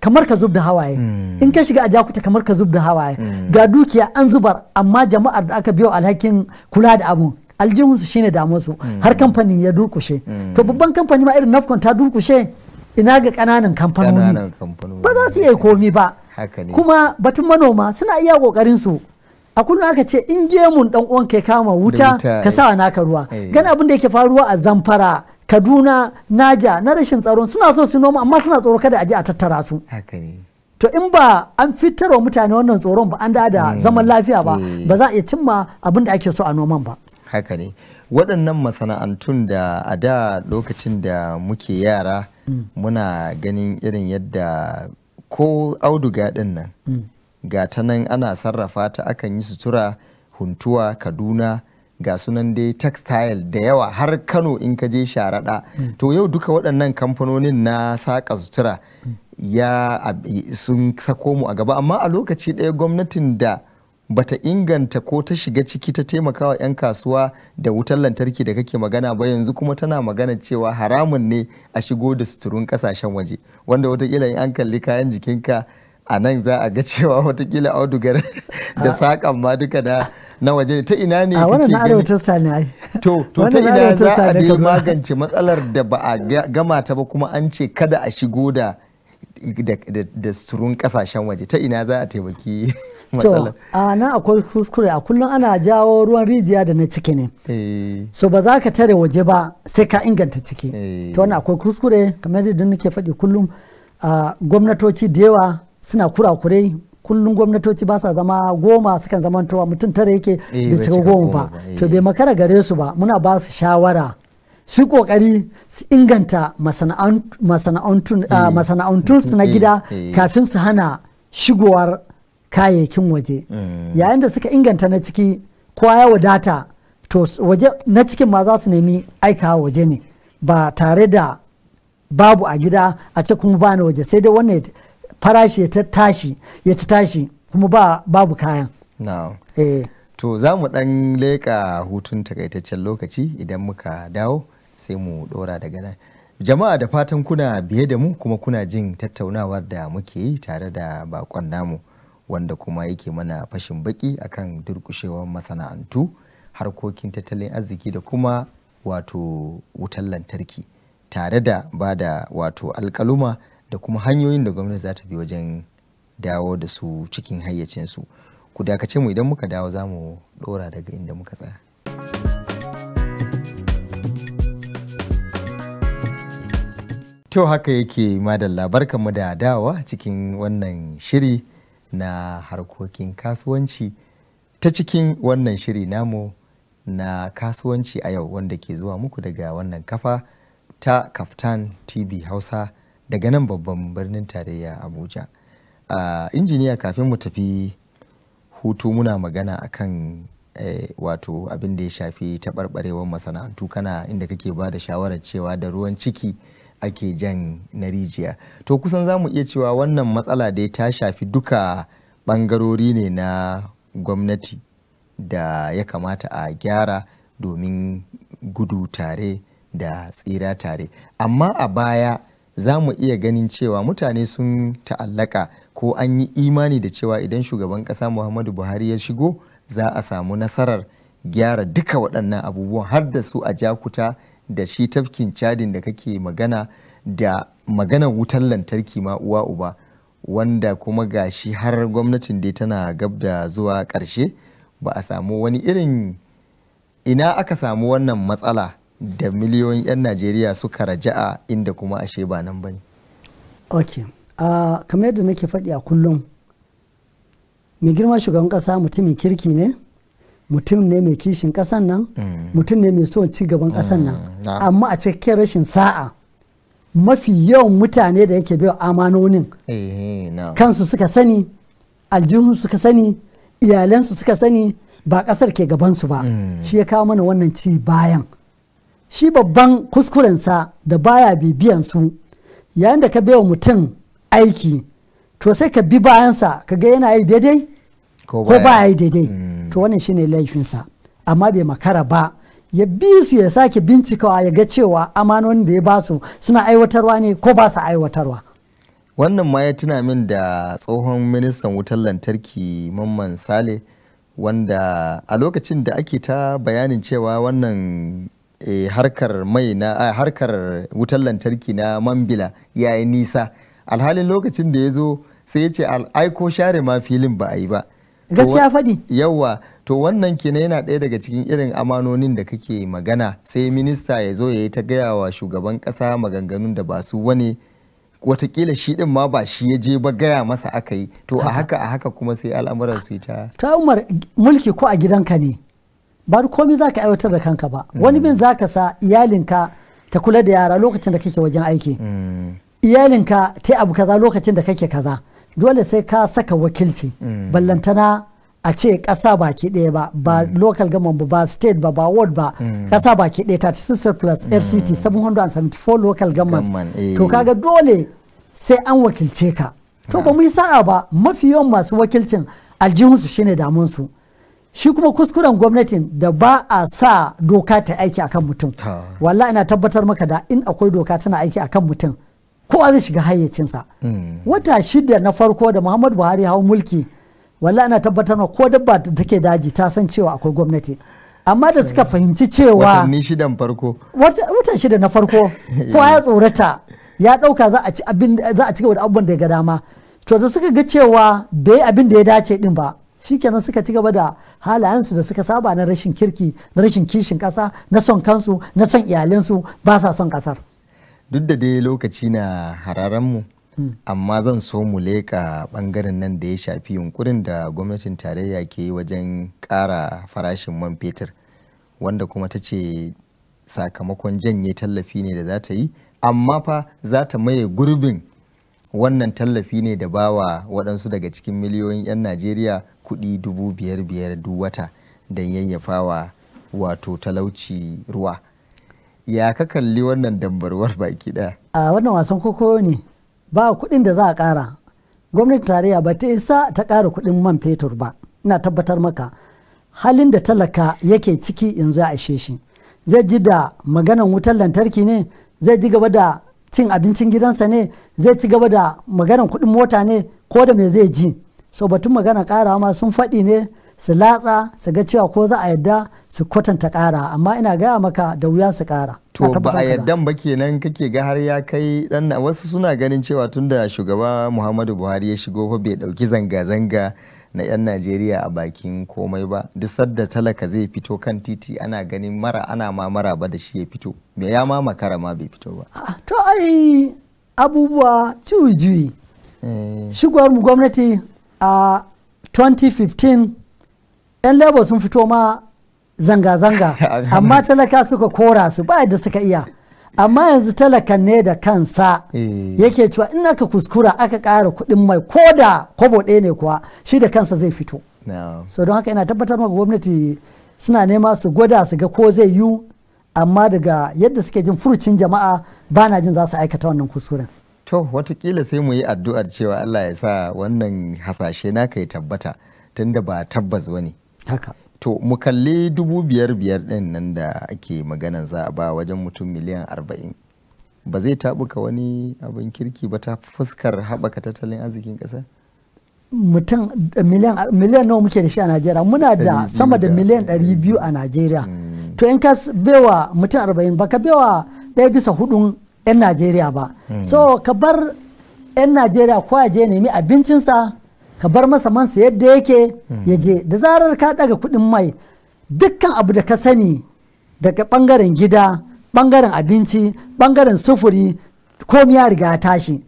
kamar ka zub da hawaye hmm. in ka shiga a jakuta kamar ka zub da hawaye hmm. ga dukiya an zubar amma jama'ar da aka biyo alhakin kula da abu su shine su hmm. har kamfanin ya durkushe to babban kamfani ma irin nafkon ta durkushe ina ga kananan kamfanoni ba za su iya komi ba kuma batun manoma suna iya kokarin su a kullum aka ce in je mun dan uwan kai kama wuta ka sa eh. naka ruwa eh. gani abin da yake faruwa a zamfara kaduna naja na rashin tsaro suna so su noma amma suna tsoro kada a je a tattara su to in ba an fitar fitarwa mutane wannan tsoron ba an da da mm. zaman lafiya ba eh. ba za a iya cimma abin da ake so a noman ba haka ne waɗannan masana'antun da a da lokacin da muke yara mm. muna ganin irin yadda ko auduga ɗin nan mm. ga ta nan ana sarrafa ta akan yi sutura huntuwa kaduna ga sunan dai textile da yawa har kano in ka je sharaɗa to yau duka waɗannan kamfanonin na saƙa sutura ya sun sako mu a gaba amma a lokaci ɗaya gwamnatin da bata inganta ko ta shiga ciki ta taimakawa 'yan kasuwa da wutar lantarki da kake magana ba yanzu kuma tana magana cewa haramun ne a shigo da suturun kasashen waje wanda watakila in an kalli kayan jikinka a nan za a ga cewa watakila audugar da saƙan ma duka da na waje ta ina ne a wannan na arewacin sani ai to to ta ina za a dai magance matsalar da ba a gama ta ba kuma an ce kada a shigo da da surun kasashen waje ta ina za a taimaki matsalar a nan akwai kuskure a kullum ana jawo ruwan rijiya da na ciki ne eh. so ba za ka tare waje ba sai ka inganta ciki eh. to wannan akwai kuskure kamar yadda nake faɗi kullum gwamnatoci da yawa suna kura kurakurai kullum gwamnatoci ba sa zama goma sukan zama towa mutum tare yake eh, bai cika goma ba eh. to bai makara gare su ba muna ba su shawara su kokari su inganta ah, eh, masana'antun su na gida kafin su hana shigowar kayayyakin waje mm. yayin da suka inganta na ciki kowa ya wadata to waje na cikin ma za su nemi aika waje ne ba tare da babu a gida a ce kuma ba bani waje sai dai wannan farashi ya tashi ya tashi kuma ba babu kayan eh. to za mu dan leka hutun takaitaccen lokaci idan muka dawo sai mu dora daga nan jama'a da fatan kuna biye da mu kuma kuna jin tattaunawar da muke yi tare da bakon namu wanda kuma yake mana fashin baki akan durkushewar masana'antu harkokin tattalin arziki da kuma wato wutan lantarki tare da ba da wato alkaluma da kuma hanyoyin da gwamnati za ta bi wajen dawo da su cikin hayyacinsu ku dakace mu idan muka dawo za mu ɗora daga inda muka tsaya. To haka yake madalla mu da dawa cikin wannan shiri na harkokin kasuwanci ta cikin wannan shiri namu na kasuwanci a yau wanda ke zuwa muku daga wannan kafa ta kaftan tv hausa daga nan babban birnin tarayya abuja uh, injiniya kafin mu tafi hutu muna magana akan eh, wato abin da ya shafi taɓarɓarewar masana'antu kana inda kake ba da shawarar cewa da ruwan ciki ake jan na rijiya to kusan za mu iya cewa wannan matsala dai ta shafi duka ɓangarori ne na gwamnati da ya kamata a gyara domin gudu tare da tsira tare amma a baya za mu iya ganin cewa mutane sun ta'allaka ko an yi imani da cewa idan shugaban ƙasa muhammadu buhari ya shigo za a samu nasarar gyara duka waɗannan abubuwan har da su a jakuta da shi tafkin cadin da kake magana da maganar wutar lantarki ma uwa uba wanda kuma ga shi har gwamnatin dai tana gab da zuwa ƙarshe ba a samu wani irin ina aka samu wannan matsala da miliyoyin 'yan najeriya suka raja'a inda kuma ashe ba nan ba ne ok uh, kamar yadda nake faɗi a kullum mai girma shugaban ƙasa mutumin kirki ne mutum ne mai kishin ƙasan nan mm. mutum ne mai son ci gaban ƙasan nan mm, amma a cikin rashin sa'a mafi yawan mutane da yake biya amanonin eh, kansu suka sani aljihun suka sani iyalansu suka sani ba ƙasar ke gabansu ba mm. shi ya kawo mana wannan ci bayan shi babban kuskurensa da baya bibiyan su yayin da ka wa mutum aiki to sai ka bi bayansa ka ga yana yi daidai ko baya yi daidai mm. to wannan shine laifinsa amma bai makara ba ya bi su ya sake bincikawa ya ga cewa amanonin da ya ba su suna aiwatarwa ne ko ba su aiwatarwa wannan ma ya tuna min da tsohon ministan wutar lantarki mamman sale wanda a lokacin da ake ta bayanin cewa wannan Eh, harkar mai na harkar wutar lantarki na mambila ya nisa alhalin lokacin da ya zo sai ya ce aiko share ma filin ba a yi ba gaskiya faɗi yawa to wannan kenan yana ɗaya daga cikin irin amanonin da kake magana sai minista ya zo ya yi ta gaya wa shugaban kasa maganganun da ba su wani watakila shi din ma ba shi ya je ba gaya masa aka yi to a haka a haka kuma sai al'amuran su ta ta umar mulki ko a gidanka ne ba komi za ka aiwatar da kanka ba mm. wani bin za ka sa iyalinka ta kula da yara lokacin da kake wajen aiki mm. iyalinka ta abu kaza lokacin da kake kaza dole sai ka saka wakilci mm. ballantana a ce ƙasa baki ɗaya ba ba local government ba state ba ba ward ba ƙasa baki ɗaya 36 plus fct 774 local government eh. to kaga dole sai an wakilce ka to ba mu yi sa'a ba mafi yawan masu wakilcin aljihunsu shine damunsu su shi kuma kuskuren gwamnatin da ba a sa doka ta aiki akan mutum wallahi ina tabbatar maka da in akwai doka tana aiki akan mutum kowa zai shiga hayyacinsa hmm. wata shida na farko da muhammadu buhari hawan mulki wallahi ina tabbatar maka ko dabba da take daji ta san cewa akwai gwamnati amma da suka fahimci cewa watanni shidan farko wata shida na farko kowa ya tsorata ya dauka za a ci abin za a ci gaba da abubuwan da ya ga dama to da suka ga cewa bai abin da ya dace din ba shikenan suka ci gaba da halayensu da suka saba na rashin kirki na rashin kishin ƙasa na son kansu na son iyalinsu ba sa son kasar duk da dai lokaci na hararen mu hmm. amma zan so mu leƙa ɓangaren nan da ya shafi yunkurin da gwamnatin tarayya ke yi wajen ƙara farashin man fetur wanda kuma ta ce sakamakon janye tallafi ne da za ta yi amma fa za ta maye gurbin wannan tallafi ne da bawa waɗansu daga cikin miliyoyin 'yan najeriya kuɗi dubu biyar biyar duk wata don yayyafawa wato talauci ruwa ya ka kalli wannan dambarwar baki ɗaya a wannan wasan koko ne ba kuɗin da za a ƙara Gwamnati tarayya ba ta isa ta ƙara kuɗin man fetur ba ina tabbatar maka halin da talaka yake ciki yanzu a ishe shi zai ji da maganan wutar lantarki ne zai ji gaba da cin abincin gidansa ne zai ci gaba da maganan kuɗin mota ne ko da me zai ji so batun magana kara ma sun faɗi ne su latsa su ga cewa ko za a yadda su kwatanta kara amma ina gaya maka da wuya su kara. to ba a yaddan ba kenan kake ga har ya kai dan wasu suna ganin cewa tunda shugaba muhammadu buhari ya shigo fa bai dauki zanga-zanga na 'yan najeriya a bakin komai ba duk sadda talaka zai fito kan titi ana ganin mara ana ma mara ba da shi ya fito me ya ma makara ma bai fito ba to ai abubuwa juyi-juyi eh. shigowar gwamnati a 2015 'yan labour sun fito ma zanga-zanga amma talaka suka kora su ba da suka iya amma yanzu talakan ne da kansa eh. yake cewa in aka kuskura aka ƙara kuɗin mai ko da kwabo ɗaya ne kuwa shi da kansa zai fito so don haka ina tabbatar maka gwamnati suna nema su gwada su ga ko zai yiwu amma daga yadda suke jin furucin jama'a ba na jin za su aikata wannan kuskuren To watakila sai mu yi addu'ar cewa Allah ya sa wannan hasashe na kai tabbata tunda ba tabbas wani Haka. To mu kalli dubu biyar biyar ɗin nan da ake maganan za a ba wajen mutum miliyan arba'in. Ba zai taɓuka wani abin kirki ba ta fuskar haɓaka tattalin arzikin ƙasa? mutum miliyan miliyan nawa muke da shi a Najeriya muna da sama da miliyan biyu a Najeriya hmm. to in ka bewa mutum ba baka bewa ɗaya bisa hudun 'yan najeriya ba hmm. so ka bar 'yan najeriya ko ya je nemi abincinsa ka bar masa mansa yadda yake hmm. ya je da zarar ka daga kudin mai dukkan abu da ka sani daga bangaren gida bangaren abinci bangaren sufuri komi ya riga tashi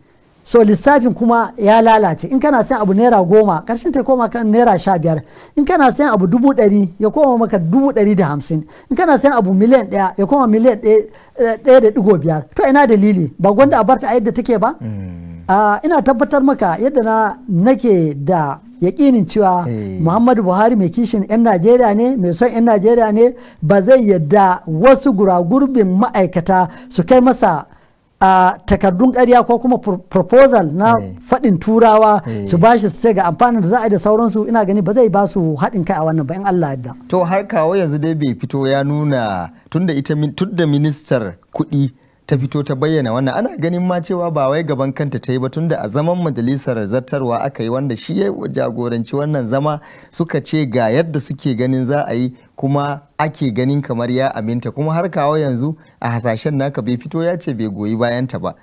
so lissafin kuma ya lalace in kana sayan abu naira goma karshen ta koma kan naira sha biyar in kana sayan abu dubu ɗari ya koma maka dubu ɗari da hamsin in kana sayan abu miliyan ɗaya ya koma miliyan ɗaya eh, da ɗigo biyar to ina dalili ba gwanda a barta a yadda take ba mm. ah, ina tabbatar maka yadda na nake da yaƙinin cewa eh. muhammadu buhari mai kishin 'yan najeriya ne mai son 'yan najeriya ne ba zai yadda wasu guragurbin ma'aikata su kai masa a takardun ƙarya ko kuma proposal na eh. faɗin turawa eh. su ba shi su ce ga amfanin da za a yi da sauransu ina gani ba zai ba su haɗin kai a wannan ba in Allah yadda. To har kawo yanzu dai bai fito ya nuna tunda ita tunda ministar kuɗi ta fito ta bayyana wannan ana ganin ma cewa ba wai gaban kanta ta yi ba tunda a zaman majalisar zartarwa aka yi wanda shi ya jagoranci wannan zama suka ce ga yadda suke ganin za a yi kuma ake ganin kamar ya aminta kuma har kawo yanzu a hasashen naka bai fito ya ce bai goyi bayanta ba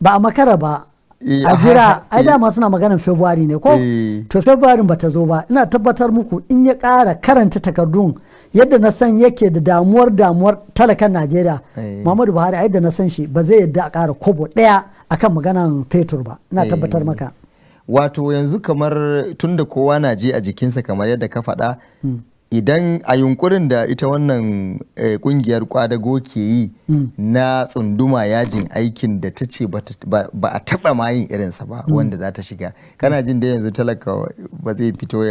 ba a makara ba eh, a jira ai dama eh. suna maganar february ne ko eh. to february ba ta zo ba ina tabbatar muku in ya kara karanta takardun yadda na san yake da damuwar damuwar talakan najeriya eh. muhammadu buhari a yadda na san shi ba zai yadda a kara kobo ɗaya akan maganan fetur ba na eh. tabbatar maka wato yanzu kamar tunda kowa na ji a jikinsa kamar yadda ka faɗa hmm. idan a yunkurin da ita wannan kungiyar eh, kwadago ke yi hmm. na tsunduma yajin aikin da ta ce ba a taba mayin irinsa ba hmm. wanda za ta shiga kana jin da yanzu talaka ba zai fito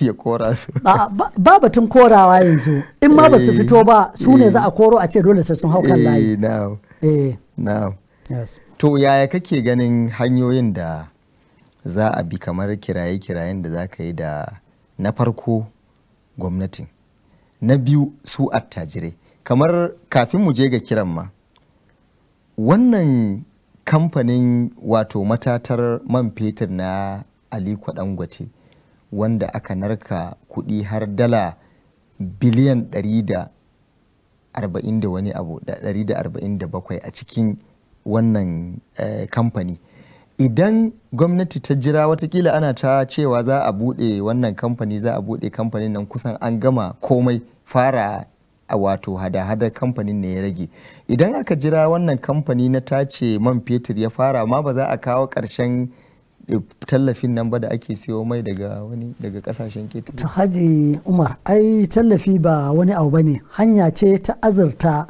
ya kora su ba batun korawa yanzu in ma ba su eh. fito ba su ne za a eh. koro a ce dole sai sun hau kan layi to yaya kake ganin hanyoyin da za a bi kamar kiraye-kirayen da za ka yi da na farko gwamnatin na biyu su attajirai kamar kafin mu je ga kiran ma wannan kamfanin wato matatar man fetur na aliko dangote wanda aka narka kudi har dala biliyan 140 da wani abu da 147 a cikin wannan eh, kamfani idan gwamnati ta jira watakila ana ta cewa za a buɗe wannan kamfani za a buɗe kamfanin nan kusan an gama komai fara a wato hada-hadar kamfanin ne ya rage idan aka jira wannan kamfani na tace man fetur ya fara ma ba za a kawo ƙarshen e, tallafin nan ba da ake siyo mai daga wani daga kasashen ketare. to haji umar ai tallafi ba wani abu bane hanya ce ta azurta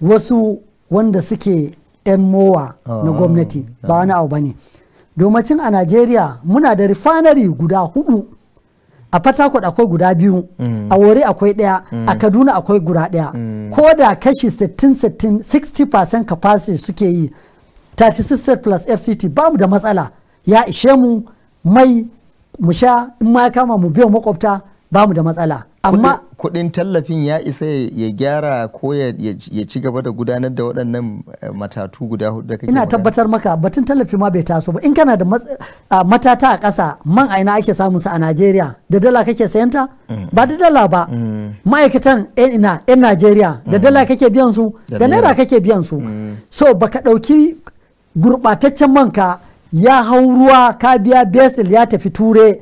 wasu wanda suke 'yan mowa ah. na gwamnati ba ah. wani abu ba ne domacin a najeriya muna da rifanari guda hudu a fatakwad akwai guda biyu a mm. wari akwai daya mm. a kaduna akwai guda daya mm. ko da kashi 60% capacity suke yi 36 plus fct ba mu da matsala ya ishe mu mai mu sha in ma kama mu biyo makwabta ba mu da matsala amma kudin tallafin ya isa ya gyara ko ya ci gaba da gudanar da waɗannan eh, matatu guda hudu da kake ina tabbatar maka batun tallafi ma bai taso ba in kana da matata a ƙasa man a ake samun su a Najeriya da dala kake sayanta mm. ba da dala ba mm. ma'aikatan yan ina yan Najeriya da dala mm. kake biyan su da naira kake biyan su so baka ɗauki man ka ya hau ruwa ka biya basil ya tafi ture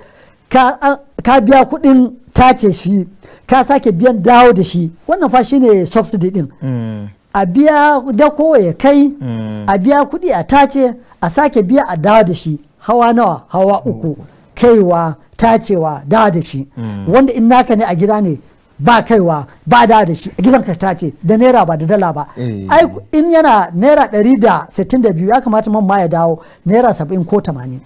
ka biya kuɗin tace shi ka sake biyan dawo da shi wannan fa shine subsidy din mm. a biya da ya kai mm. a biya kuɗi a tace a sake biya a dawo da shi hawa nawa hawa mm. uku kaiwa tacewa dawo da shi wanda in naka ne a gida ne ba kaiwa ba da da shi gidanka ka tace da naira ba da dala ba eh. ai in yana naira 162 ya kamata man ma ya dawo naira 70 ko 80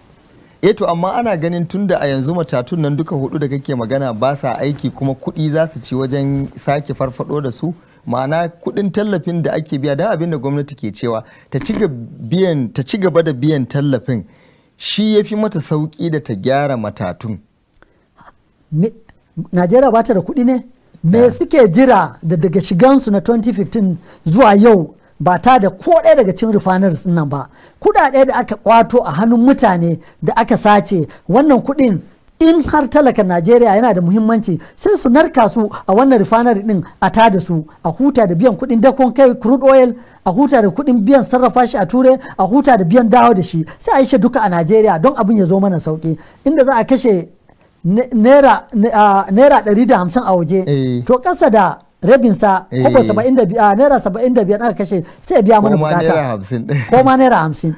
eto eh amma ana ganin tun da a yanzu matatun nan duka hudu da kake magana ba sa aiki kuma kudi za su ci wajen sake farfado da su ma'ana kudin tallafin da ake biya da abin da gwamnati ke cewa ta ci gaba da biyan tallafin shi ya fi mata sauki da ta gyara matatun najeriya ba ta da kuɗi ne me eh. suke jira da daga shigansu na 2015 zuwa yau ba ta da ko ɗaya daga cikin refineries nan ba kuɗaɗe da aka ƙwato a hannun mutane da aka sace wannan kuɗin in har talakan najeriya yana da muhimmanci sai su narka su a wannan rufanar ɗin a ta da su a huta da biyan kuɗin dakon kai crude oil a huta da kuɗin biyan sarrafa shi a ture a huta da biyan dawo da shi sai a yi shi duka a najeriya don abin ya zo mana sauki inda za a kashe naira ɗari da hamsin a waje eh. to kasa da rabin eh. saba'in kobo 75 naira 75 aka kashe sai biya mana bukata ko ma naira 50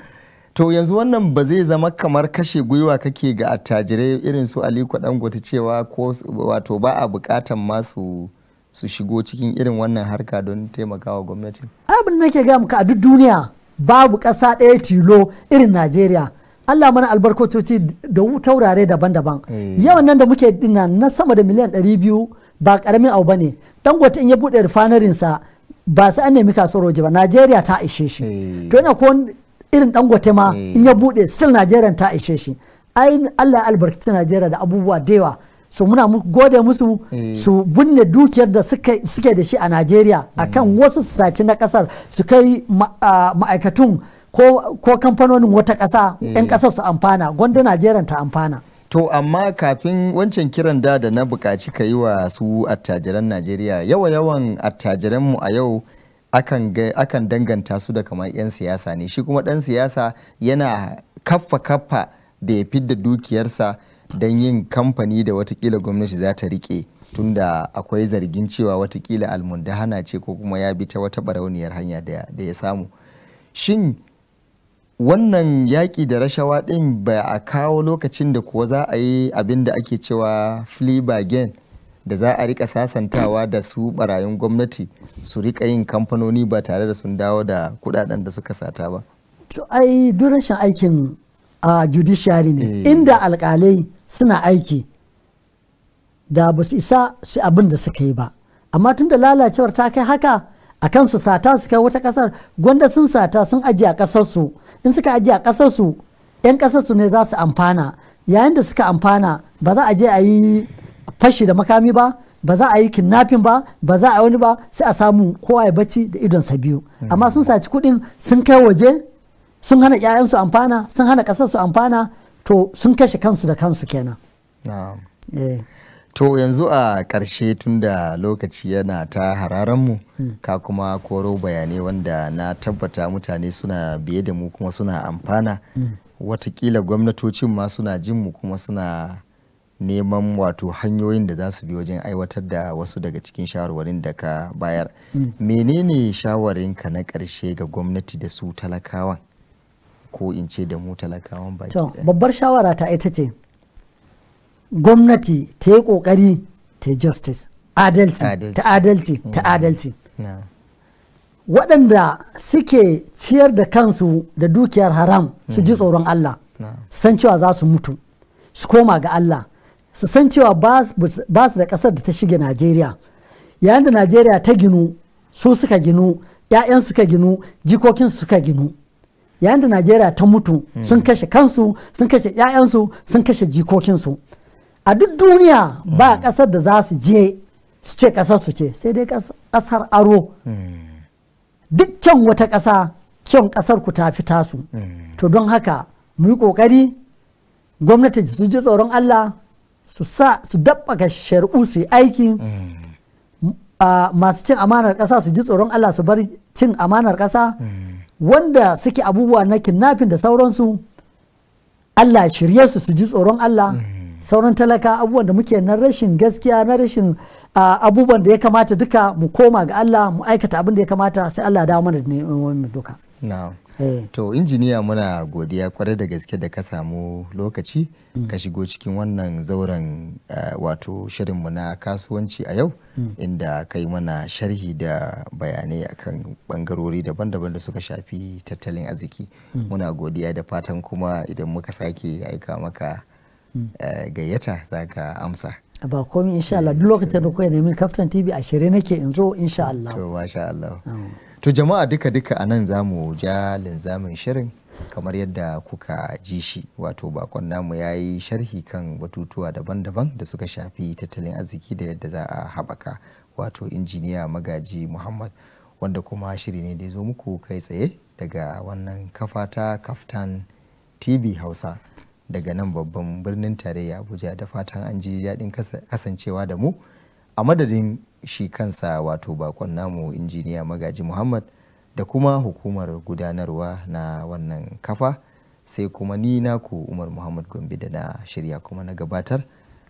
to yanzu wannan ba zai zama kamar kashe gwiwa kake ga attajirai irin su aliko dangote cewa ko wato ba a bukatan masu su shigo cikin irin wannan harka don taimakawa gwamnati abin da nake gaya muka a duk duniya babu ƙasa ɗaya tilo irin najeriya Allah mana albarkatoci da taurare daban-daban eh. yawan nan da muke dina na sama da miliyan 200 ba karamin abu bane dangote in ya buɗe rifanarinsa ba sai an nemi kasuwar waje ba najeriya ta ishe shi eh. to yana ko irin dangote ma eh. in ya buɗe still najeriya ta ishe shi ai allah ya albarkaci najeriya da abubuwa da yawa so muna gode musu eh. su binne dukiyar da suke da shi a najeriya akan mm. wasu sace na kasar su kai ma'aikatun ko kamfanonin wata kasa 'yan kasar su amfana gwanda najeriya ta amfana To amma kafin wancan kiran da da na buƙaci ka yi wa su attajiran Najeriya yawa yawan attajiranmu a yau akan danganta su da kamar 'yan siyasa ne shi kuma ɗan siyasa yana kaffa kaffa da ya fidda dukiyarsa don yin kamfani da watakila gwamnati za ta riƙe tunda akwai zargin cewa watakila almundahana ce ko kuma ya bi ta wata barauniyar hanya da ya samu shin wannan yaƙi da rashawa ɗin ba a kawo lokacin da kuwa za a yi abin da ake cewa flea bargain da za a rika sasantawa da su barayin gwamnati su rika yin kamfanoni ba tare da sun dawo da kudaden da suka sata ba to ai duk rashin aikin a judiciary ne eh. inda alkalai suna aiki da ba su isa su abin da suka yi ba amma tun da lalacewar ta kai haka a kansu sata su kai wata kasar gwanda sun sata sun ajiye a kasarsu in suka ajiye a kasarsu 'yan kasarsu ne za su amfana yayin da suka amfana ba za a je a yi fashi da makami ba ba za a yi kidnapping ba ba za a yi wani ba sai a samu kowa ya bacci da idon sa biyu hmm. amma sun saci kuɗin sun kai waje sun hana 'ya'yansu amfana sun hana kasarsu amfana to sun kashe kansu da kansu kenan. Eh. To yanzu a ƙarshe tunda lokaci yana ta hararanmu hmm. ka kuma koro bayanai wanda na tabbata mutane suna biye da mu kuma suna amfana hmm. watakila gwamnatocin ma suna jin mu kuma suna neman wato hanyoyin da za su bi wajen aiwatar da wasu daga cikin shawarwarin da ka bayar. Hmm. Menene shawarinka na ƙarshe ga gwamnati da su talakawan ko in ce da mu talakawan baki? babbar shawara ta ita ce. gwamnati ta yi kokari ta yi justice adalci ta adalci ta mm. adalci waɗanda suke ciyar da kansu da dukiyar haram su ji mm. tsoron Allah su san cewa za su mutu su koma ga Allah su san cewa ba su da ƙasar da ta shige Najeriya yayin da Najeriya ta ginu su suka ginu 'ya'yan suka ginu jikokin suka ginu yayin da Najeriya ta mutu mm. sun kashe kansu sun kashe 'ya'yansu sun kashe jikokinsu a duk duniya ba kasar mm. da za su je su ce kasar su ce sai dai kasar aro mm. duk kyan wata kasa kyan kasar ku ta tafi tasu mm. to don haka mu yi kokari gwamnati su ji tsoron Allah su sa su dabbaka shari'u su yi aiki masu cin amanar kasa su ji tsoron Allah su bar cin amanar kasa wanda suke abubuwa na kinnafin da sauransu Allah shirye su su ji tsoron Allah sauran talaka abubuwan da muke na rashin gaskiya na rashin abubuwan da ya kamata duka mu koma ga Allah mu aikata abin da ya kamata sai Allah ya dawo mana da mu duka eh. to injiniya muna godiya kwarai da gaske da ka samu lokaci mm. ka shigo cikin wannan zauren wato shirin mu na kasuwanci a yau mm. inda ka yi mana sharhi da bayanai akan bangarori daban-daban da suka shafi tattalin arziki mm. muna godiya da fatan kuma idan muka sake aika maka Eh, gayyata za ka amsa ba komi insha Allah duk lokacin da kuka nemi kaftan tv a shirye nake in zo insha Allah to masha Allah to jama'a duka duka a nan za mu ja linzamin shirin kamar yadda kuka ji shi wato bakon namu ya yi sharhi kan batutuwa daban-daban da suka shafi tattalin arziki da yadda za a haɓaka wato injiniya magaji muhammad wanda kuma shiri ne da ya zo muku kai tsaye daga wannan kafa ta kaftan tv hausa daga nan babban birnin tarayya abuja da fatan an ji daɗin kasancewa da mu a madadin shi kansa wato bakon namu injiniya magaji muhammad da kuma hukumar gudanarwa na wannan kafa sai kuma ni naku umar muhammad gombe da na shirya kuma na gabatar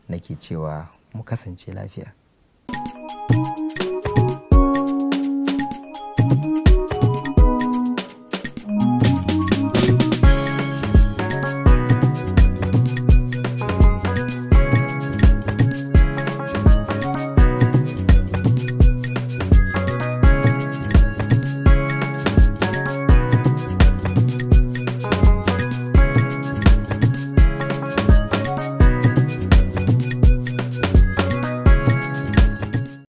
nake cewa mu kasance lafiya. thank you